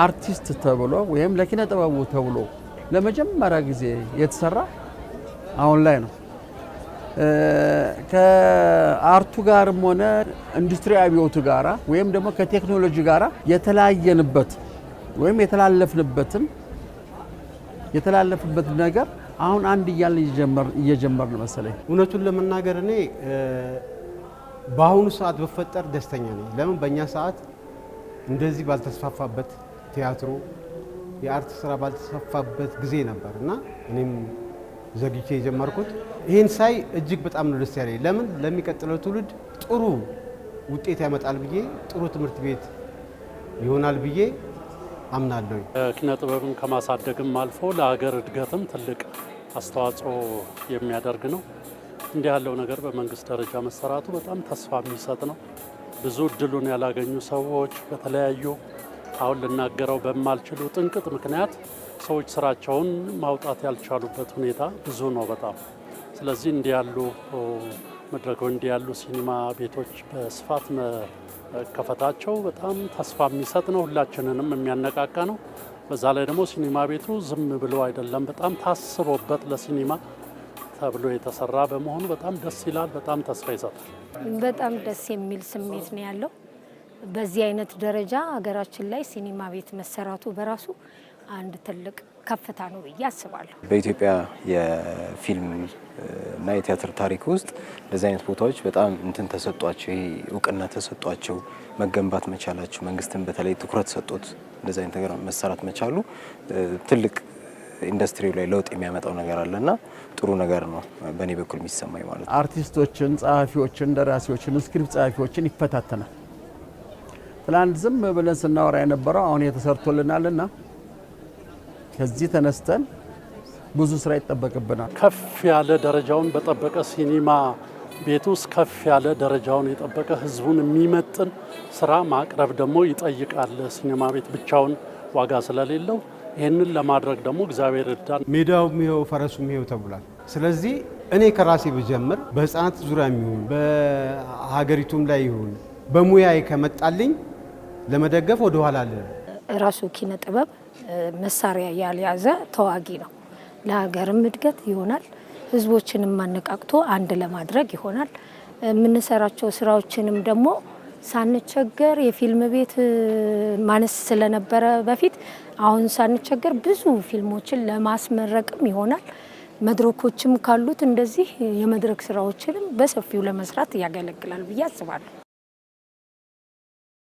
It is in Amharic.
አርቲስት ተብሎ ወይም ለኪነ ጥበቡ ተብሎ ለመጀመሪያ ጊዜ የተሰራ አሁን ላይ ነው። ከአርቱ ጋርም ሆነ ኢንዱስትሪ አብዮቱ ጋራ ወይም ደግሞ ከቴክኖሎጂ ጋራ የተለያየንበት ወይም የተላለፍንበትም የተላለፍበት ነገር አሁን አንድ እያለ እየጀመርን መሰለኝ። እውነቱን ለመናገር እኔ በአሁኑ ሰዓት በፈጠር ደስተኛ ነኝ። ለምን በእኛ ሰዓት እንደዚህ ባልተስፋፋበት ቲያትሩ የአርት ስራ ባልተሰፋበት ጊዜ ነበር እና እኔም ዘግቼ የጀመርኩት ይህን ሳይ እጅግ በጣም ነው ደስ ያለኝ። ለምን ለሚቀጥለው ትውልድ ጥሩ ውጤት ያመጣል ብዬ ጥሩ ትምህርት ቤት ይሆናል ብዬ አምናለሁ። ኪነ ጥበብን ከማሳደግም አልፎ ለሀገር እድገትም ትልቅ አስተዋጽኦ የሚያደርግ ነው። እንዲህ ያለው ነገር በመንግስት ደረጃ መሰራቱ በጣም ተስፋ የሚሰጥ ነው። ብዙ እድሉን ያላገኙ ሰዎች በተለያዩ አሁን ልናገረው በማልችሉ ጥንቅጥ ምክንያት ሰዎች ስራቸውን ማውጣት ያልቻሉበት ሁኔታ ብዙ ነው በጣም። ስለዚህ እንዲህ ያሉ መድረኮች እንዲህ ያሉ ሲኒማ ቤቶች በስፋት መከፈታቸው በጣም ተስፋ የሚሰጥ ነው፣ ሁላችንንም የሚያነቃቃ ነው። በዛ ላይ ደግሞ ሲኒማ ቤቱ ዝም ብሎ አይደለም፣ በጣም ታስቦበት ለሲኒማ ተብሎ የተሰራ በመሆኑ በጣም ደስ ይላል፣ በጣም ተስፋ ይሰጣል። በጣም ደስ የሚል ስሜት ነው ያለው። በዚህ አይነት ደረጃ ሀገራችን ላይ ሲኒማ ቤት መሰራቱ በራሱ አንድ ትልቅ ከፍታ ነው ብዬ አስባለሁ። በኢትዮጵያ የፊልም እና የቲያትር ታሪክ ውስጥ እንደዚህ አይነት ቦታዎች በጣም እንትን ተሰጧቸው፣ ይሄ እውቅና ተሰጧቸው መገንባት መቻላቸው፣ መንግስትን በተለይ ትኩረት ሰጡት እንደዚህ አይነት ነገር መሰራት መቻሉ ትልቅ ኢንዱስትሪው ላይ ለውጥ የሚያመጣው ነገር አለ ጥሩ ነገር ነው በእኔ በኩል የሚሰማኝ ማለት ነው። አርቲስቶችን፣ ጸሐፊዎችን፣ ደራሲዎችን፣ ስክሪፕት ጸሐፊዎችን ይፈታተናል። ትላንት ዝም ብለን ስናወራ የነበረው አሁን የተሰርቶልናልና ከዚህ ተነስተን ብዙ ስራ ይጠበቅብናል። ከፍ ያለ ደረጃውን በጠበቀ ሲኒማ ቤት ውስጥ ከፍ ያለ ደረጃውን የጠበቀ ህዝቡን የሚመጥን ስራ ማቅረብ ደግሞ ይጠይቃል። ሲኒማ ቤት ብቻውን ዋጋ ስለሌለው ይህንን ለማድረግ ደግሞ እግዚአብሔር እዳን ሜዳውም ይኸው ፈረሱም ይኸው ተብሏል። ስለዚህ እኔ ከራሴ ብጀምር በህፃናት ዙሪያ የሚሆን በሀገሪቱም ላይ ይሁን በሙያዬ ከመጣልኝ ለመደገፍ ኋላ አለ። ራሱ ኪነ ጥበብ መሳሪያ ያልያዘ ተዋጊ ነው። ለሀገርም እድገት ይሆናል። ህዝቦችንም ማነቃቅቶ አንድ ለማድረግ ይሆናል። የምንሰራቸው ስራዎችንም ደግሞ ሳንቸገር የፊልም ቤት ማነስ ስለነበረ በፊት አሁን ሳንቸገር ብዙ ፊልሞችን ለማስመረቅም ይሆናል። መድረኮችም ካሉት እንደዚህ የመድረክ ስራዎችንም በሰፊው ለመስራት ያገለግላል ብዬ አስባለሁ።